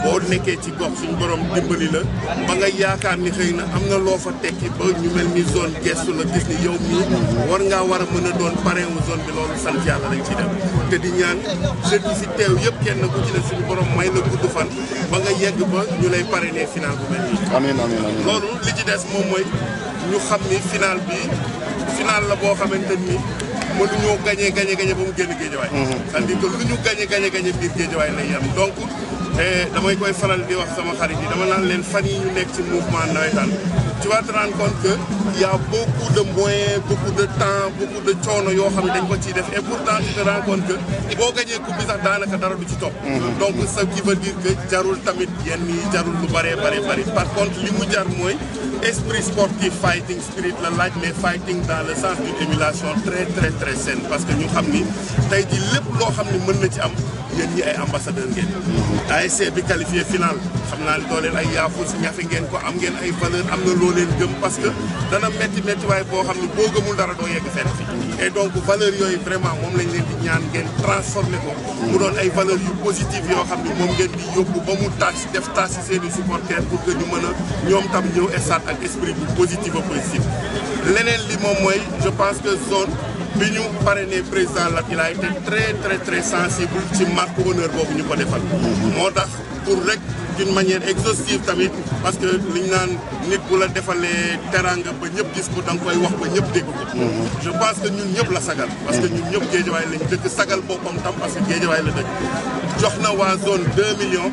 boo nekkee ci gox suñ borom dimbali la ba nga yaakaar ni xëy na am nga loo fa tekki ba ñu mel ni zone gestu la gis ni yow mii war ngaa war a mën a doon parewu zone bi loolu sant yàlla lañ ci dem te di ñaan jeudi si teew yëpp kenn ku ci ne suñ borom may la gudd fan ba nga yegg ba ñu lay parenee final bu mel nii. loolu li ci des moom mooy ñu xam ni final bi final la boo xamante ni mënu ñoo gagné gagné gagné ba mu génn géejawaay. Mm-hmm. tandis que lu ñu gagné gagné gagné biir géejawaay lay yam donc. et eh, damay koy faral di wax sama xarit yi dama naan leen fan yi ñu nekk ci mouvement nawetaan tu vas te rendre compte que y a beaucoup de moyens beaucoup de temps beaucoup de temps yoo xam dañ ko et pourtant tu te rends compte que boo gañee coupe bi dans le dara du ci top. Mhm. donc ça qui veut dire que jarul tamit yenn yi jarul lu bëree bëri par contre li jar esprit sportif fighting spirit la light mais fighting dans le sens d'une émulation très très très saine parce que nous xam ni tey ji lépp loo mën na ci yéen ñi ay ambassadeur ngeen ASC bi qualifié final xam naa ne doo leen ay yaafus ñafe ngeen ko am ngeen ay valeur am na loo leen gëm parce que dana métti métti boo xam ne boo gëmul dara doo yegg fenn fi valeur yooyu vraiment moom lañ leen di ñaan ngeen transformé ko mu doon ay valeur yu positive yoo xam ne moom ngeen di yóbbu ba mu tax def tax si seen i supporters pour que mën a ñoom tam ñëw stade ak esprit bu positif a positif L'année li je pense que zone bi ñu parrainé président la il a été très très très sensible ci marque honneur boobu ñu ko defal. moo pour rek d'une manière exhaustive tamit parce que li ñu naan nit bu la defalee teraanga ba ñëpp gis ko dang koy wax ba ñëpp dégg ko. je pense que ñun ñëpp la sagal. parce que ñun ñëpp géejawaay lañu dëkk sagal boppam tam parce que géejawaay la dëkk joxna wa zone 2 millions.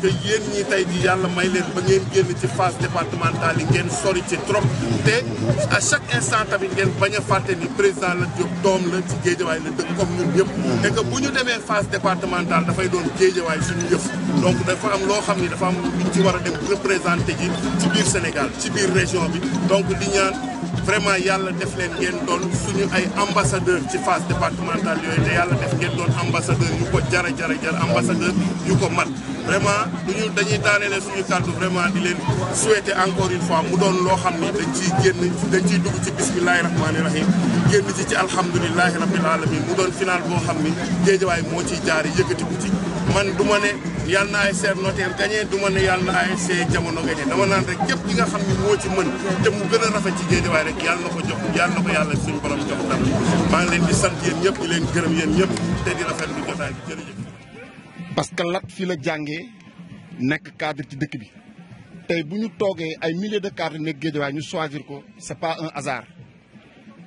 que yéen ñi tey di yàlla may leen ba ngeen génn ci phase départementale yi ngeen sori ci trop te à chaque instant tamit ngeen bañ a fàtte ni président la Diop doom la ci géejawaay la dëkk comme ñun ñu et que bu ñu demee phase départementale dafay doon géejawaay suñu yëf donc dafa am loo xam ni dafa am luñ ci war a dem représenté ji ci biir Sénégal ci biir région bi donc di ñaan vraiment yàlla def leen ngeen doon suñu ay ambassadeur ci phase départementale yooyu te yàlla def ngeen doon ambassadeur yu ko jar ambassadeur yu vraiment du ñu dañuy daanelee suñu kàddu vraiment di leen souhaiter encore une fois mu doon loo xam ni dañ ciy génn dañ ciy dugg ci bismillahi rahmaani rahim génn ci ci alhamdulilahi rabbil alamin mu doon final boo xam ni géejawaay moo ciy jaari yëkkatiku ci man du ma ne yàlla na ASC Notaire gagné du ma ne yàlla na ASC jamono gagné dama naan rek képp ki nga xam ni moo ci mën te mu gën a rafet ci géejawaay rek yàlla na ko jox yàlla na ko yàlla suñu borom jox dara maa sant yéen ñëpp gërëm yéen ñëpp te di rafet parce que Lat fi la jangé nek cadre ci dëkk bi tay buñu ñu ay milliers de cadres nekk Guédiawaye ñu choisir ko c'est pas un hasard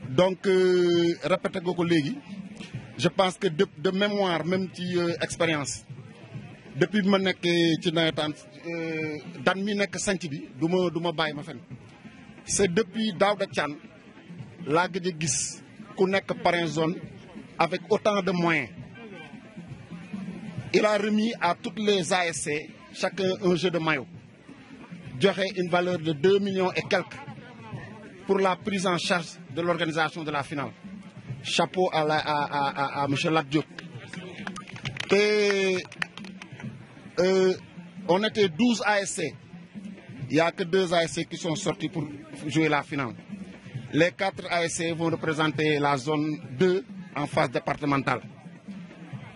donc euh, répété goko légui je pense que de mémoire même ci euh, expérience depuis que ma suis ci euh dan mi nek sanc bi duma duma ma c'est depuis Daouda Thiam la gëj a gis ku nekk zone avec autant de moyens il a remis à toutes les ASC chacun un jeu de maillot. J'aurais une valeur de 2 millions et quelques pour la prise en charge de l'organisation de la finale. Chapeau à, à, M. Et euh, on était 12 ASC. Il n'y a que deux ASC qui sont sortis pour jouer la finale. Les quatre ASC vont représenter la zone 2 en phase départementale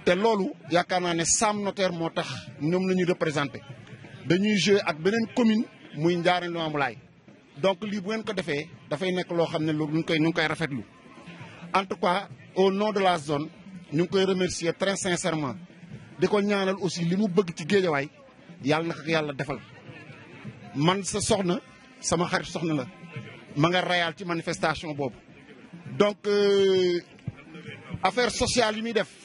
te loolu yaakaar naa Sam Notaire moo tax ñoom la ñu représenté dañuy joué ak beneen commune muy Ndiarène Limamoulaye donc lii bu ngeen ko defee dafay nekk loo xam ne lu ñu koy ñu ngi koy rafetlu en tout cas au nom de la zone ñu ngi koy remercier très sincèrement di ko ñaanal aussi li mu bëgg ci géejawaay yàlla na ko yàlla defal man sa soxna sama xarit soxna la ma nga rayaal ci manifestation boobu donc euh, affaire sociale yi muy def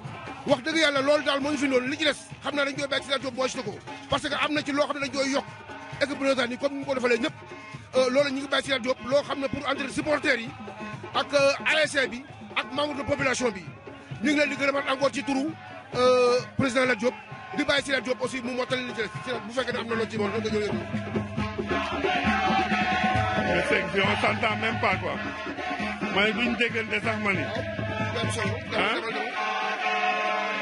wax dëgg yàlla loolu daal moo ñu fi noonu li ci xam naa dañ koy bàyyi si rajo booy ko parce que am na ci loo xam ne dañ koy yokk équipe ni comme ni ko defalee ñëpp euh, loolu ñu ngi bàyyi si rajo loo xam ne pour entre supporters yi ak euh, ASC bi ak membre de population bi ñu ngi leen di gërëmaat encore ci turu euh, président Lat Diop di bàyyi Sirat Diop aussi mu mottali li ci des bu fekkee ne am na loo ci moom nga ñëw yëg on s'entend même pas quoi. mooy bu ñu déggante sax ma ni. ah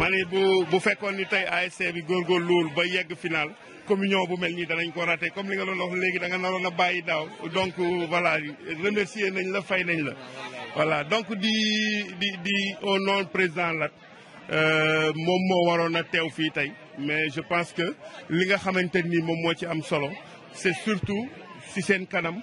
ma bu bu fekkoon ni tey ASC bi góorgóorlu lool ba yegg final communion bu mel nii danañ ko raté comme li nga doon wax léegi da nga naroon a bàyyi daaw donc voilà remercier nañ la fay nañ la. voilà donc di di di au nom président Lat euh, moom moo waroon a teew fii tey mais je pense que li nga xamante ni moom moo ci am solo c'est surtout si seen kanam.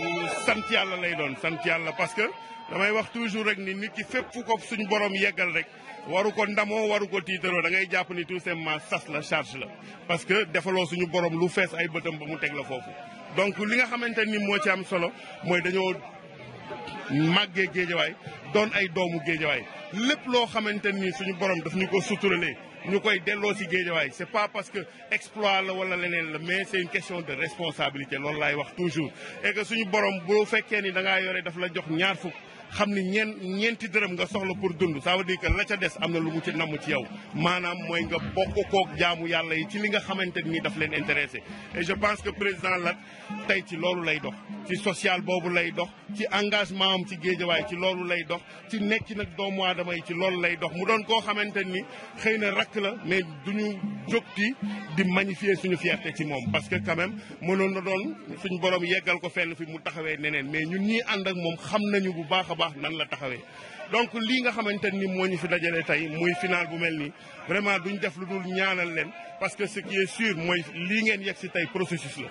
ku sant yàlla lay doon sant yàlla parce que damay wax toujours rek ni nit ki fépp ko suñ borom yeggal rek waru ko ndamoo waru ko tiitaroo da ngay jàpp ni tout simplement sas la charge la parce que defaloo suñu borom lu fees ay bëtam ba mu teg la foofu donc li nga xamante ni moo ci am solo mooy dañoo màggee géejawaay doon ay doomu géejawaay lépp loo xamante ni suñu borom daf ñu ko suturalee Nous koy delloo si Ce c'est pas parce que exploit la wala mais c'est une question de responsabilité loolu la wax toujours et que suñu borom boo fekkee ni da ngaa yore daf la jox ñaar fukk xam ni ñeen ñeenti dërëm nga soxla pour dund ça veut la ca des am na lu mu ci namm ci yow maanaam mooy nga bokk kook jaamu yàlla yi ci li nga xamante ni daf leen intéressé et je pense que président Lat tey ci loolu lay dox ci social boobu lay dox ci engagement am ci géejawaay ci loolu lay dox ci nekki nag doomu aadama yi ci loolu lay dox mu doon koo xamante ni xëy na rakk la mais du duñu jógti di magnifier suñu fierté ci moom parce que quand même mënoon na doon suñ borom yeggal ko fenn fi mu taxawee neneen mais ñun ñii ànd moom xam nañu bu baax baax nan la taxawee donc lii nga xamante ni moo ñu fi dajale tey muy final bu mel nii vraiment duñ def lu dul ñaanal leen parce que ce qui est mooy lii ngeen yegg si tey processus la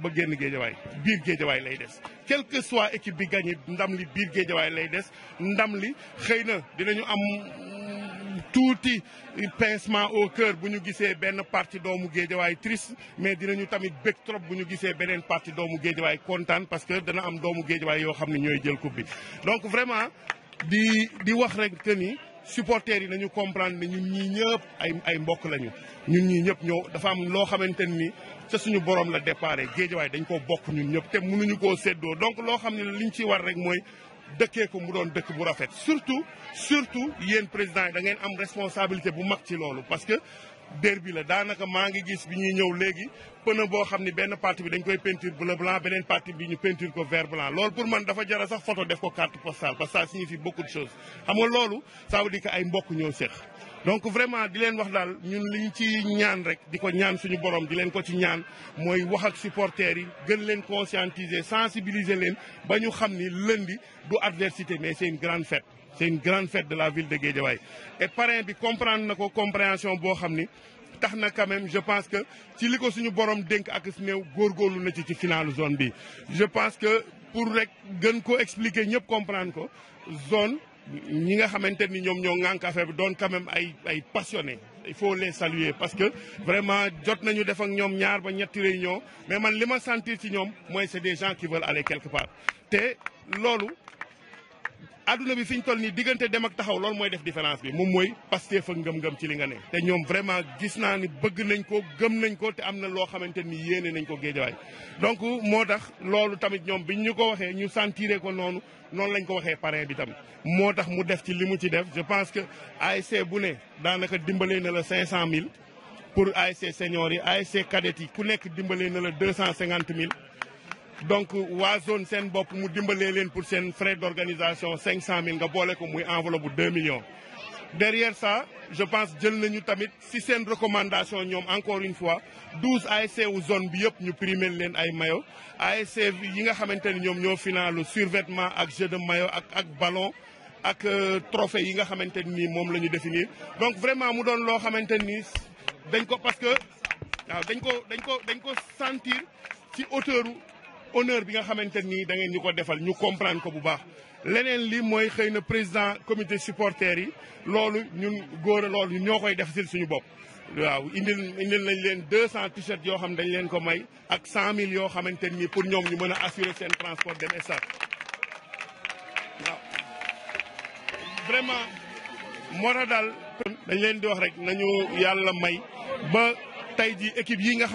ba génn géejawaay biir géejawaay lay des quel que soit équipe bi gagné ndam li biir géejawaay lay des ndam li xëy na ñu am tuuti pincement au cœur bu ñu gisee benn parti doomu géejawaay triste mais dinañu tamit bëgg trop bu ñu gisee beneen parti doomu géejawaay kontaan parce que dana am doomu géejawaay yoo xam ne ñooy jël coupe bi donc vraiment di wax rek que supporters yi nañu comprendre ne ñun ñii ñëpp ay ay mbokk lañu ñun ñii ñëpp ñoo dafa am loo xamante ni ca suñu borom la déparé géejawaay dañ ko bokk ñun ñëpp te mënuñu koo séddoo donc loo xam ne liñ ci war rek mooy dëkkee ko mu doon dëkk bu rafet surtout surtout yéen président yi da ngeen am responsabilité bu mag ci loolu parce que derby la daanaka maa ngi gis bi ñuy ñëw léegi pneu boo xam ni benn partie bi dañ koy peinture bleu blanc beneen partie bi ñu peinture ko ver blanc loolu pour man dafa jara sax photo def ko carte postale parce que ça signifie beaucoup de choses xam loolu ça di dire ay mbokk ñoo seex donc vraiment di leen wax daal ñun liñ ci ñaan rek di ko ñaan suñu borom di leen ko ci ñaan mooy wax ak supporters yi gën leen conscientiser sensibiliser leen ba ñu xam ni lundi du adversité mais c'est une grande fête c'est une grande fête de la ville de Guédiawaye et parrain bi comprendre la compréhension boo xam ni quand même je pense que ci li suñu borom dénk ak si néew góorgóorlu na ci ci zone bi je pense que pour rek gën ko expliquer ñëpp comprendre ko zone ñi nga xamante ni ñoo ngank affaire bi doon quand même ay ay passionné il faut les saluer parce que vraiment jot nañu def ak ñom ñaar ba ñetti réunion mais man lima sentir ci ñom mooy c'est des gens qui veulent aller quelque part Té lolu adduna bi fi ñu toll nii diggante dem ak taxaw loolu mooy def différence bi moom mooy Pastef ak ngëm-ngëm ci li ne te ñoom vraiment gis naa ni bëgg nañ ko gëm nañ ko te am na loo xamante ni yéene nañ ko géejawaay donc moo tax loolu tamit ñoom biñ ñu ko waxee ñu sentiré ko noonu noonu lañ ko waxee parrain bi tamit moo tax mu def ci li mu ci def je pense que ASC bu ne daanaka dimbalee na la cinq cent mille pour ASC seniors yi ASC cadets yi ku nekk dimbalee na la deux cent cinquante mille donc wa zone sen bop mu dimbalé len pour sen frais d'organisation 500 000 nga bolé ko muy enveloppe 2 millions derrière ça je pense djel nañu tamit si sen recommandation encore une fois 12 ASC ou zone bi yep les primer len ay mayo ASC yi nga xamanteni ñom final survêtement ak jeu de mayo ak ballon ak euh, trophée yi nga xamanteni ni mom lañu définir donc vraiment nous don lo xamanteni dañ parce que dañ ko dañ sentir si hauteur honneur bi nga xamanteni nii da ngeen ñu ko defal ñu comprendre ko bu baax leneen li mooy xëy na président comité supporters yi loolu ñun góor a loolu ñoo koy def si suñu bopp waaw indil indil nañ leen 200 t-shirt yoo xam dañ leen ko may ak cent mille yoo xamante nii pour ñoom ñu mën a assurer seen transport dem stade waaw vraiment moo tax dañ leen di wax rek nañu yàlla may ba tay jii équipe yi nga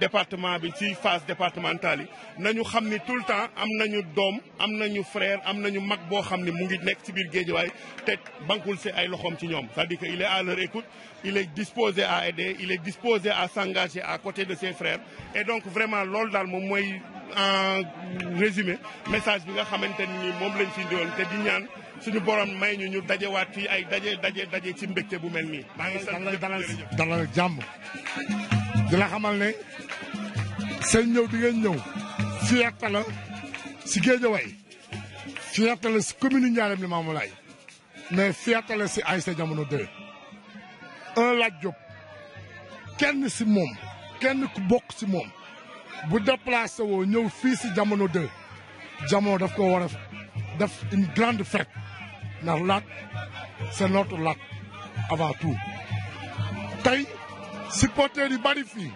département bi départementale frère il est à leur écoute il est disposé à aider il est disposé à s'engager à côté de ses frères et donc vraiment résumé message bi nga suñu borom may ñu ñu dajewaat fii ay daje daje daje ci mbégte bu mel nii. maa ngi sant dalal dalal jàmm. di la xamal ne seen ñëw di ngeen ñëw. fierté la si Géejawaay. fierté si commune Ndiarème Limamoulaye mais fierté la si ASC Jamono 2. un Lat Diop kenn si moom kenn ku bokk si moom bu déplacé woo ñëw fii si Jamono 2 jamono daf ko war def une grande fête ndax lac c'est notre lac avant tout tey supporters yi bari fii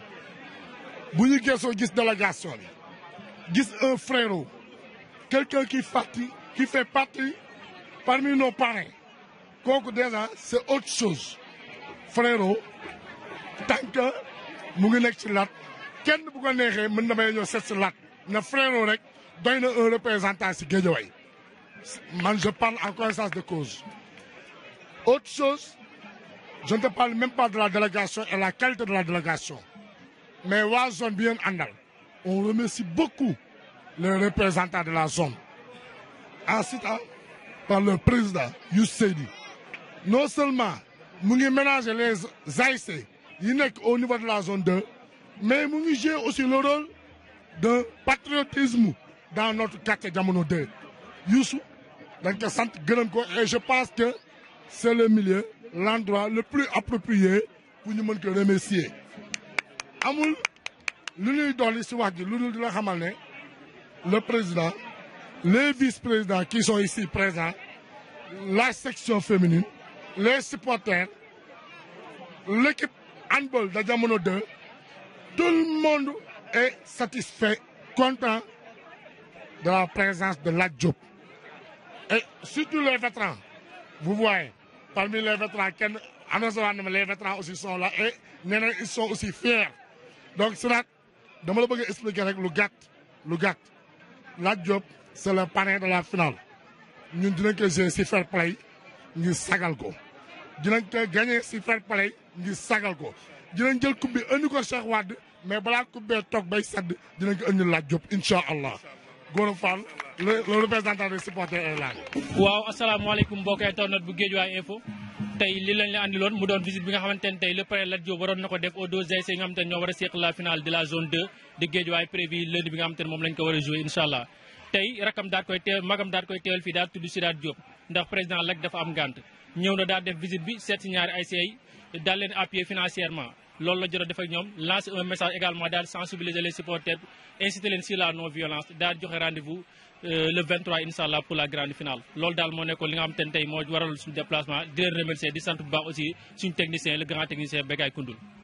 bu ñu gesoo gis délégation bi gis un frérot quelqu'un qui parti qui fait partie parmi nos parents kooku déjà c'est autre chose frérot tant que mu ngi nekk ci lac kenn bu ko neexee mën na may ñoo seet si lac na frérot rek doy na un représentant si Guédiawaye je parle en connaissance de cause. Autre chose, je ne te parle même pas de la délégation et la qualité de la délégation. Mais zone bien on remercie beaucoup les représentants de la zone. Ainsi, ah, par le président Yousseli. Non seulement nous ménager les AIC au niveau de la zone 2, mais nous avons aussi le rôle de patriotisme dans notre quartier Diamono 2 et je pense que c'est le milieu l'endroit le plus approprié pour nous remercier. amul le président les vice présidents qui sont ici présents la section féminine les supporters l'équipe handball de 2 tout le monde est satisfait content de la présence de la et surtout les vétérans, vous voyez, parmi les vétérans, les vétérans aussi sont là et ils sont aussi fiers. Donc, c'est là, je expliquer avec le GAT. Le la job, c'est le panier de la finale. Nous disons que j'ai si fair play, nous sagal ko. Nous que gagner si fair play, nous sagal ko. Nous jël coupe bi andi ko Cheikh Wade mais coupe tok nous dinañ que andi la job inshallah. le représentant des supporters est là. waaw asalaamaaleykum mbokki internet bu Guédiawaye info tey li lañ la andiloon mu doon visite bi nga xamante ne tey le père Lat Diop waroon na ko def au dos ASC yi nga xamante ne ñoo war a seq la finale de la zone 2 de Guédiawaye prévu lundi bi nga xamante ne moom lañ ko war a joué tey rakam daal koy teew magam daal koy teewal fii daal tudd Sidaat Diop ndax président Lat dafa am gànt ñëw na daal def visite bi seet si ñaari ASC loolu la jot a def ak ñoom lancer un message également daal sensibiliser les supporters inciter leen si la non violence daal joxe rendez-vous euh, le 23 incha allah pour la grande finale. loolu daal moo nekkoon li nga xam te ne tey moo waraloon suñu déplacement di leen remercier di sant bu baax aussi suñu technicien le grand technicien Bekay Koundoul.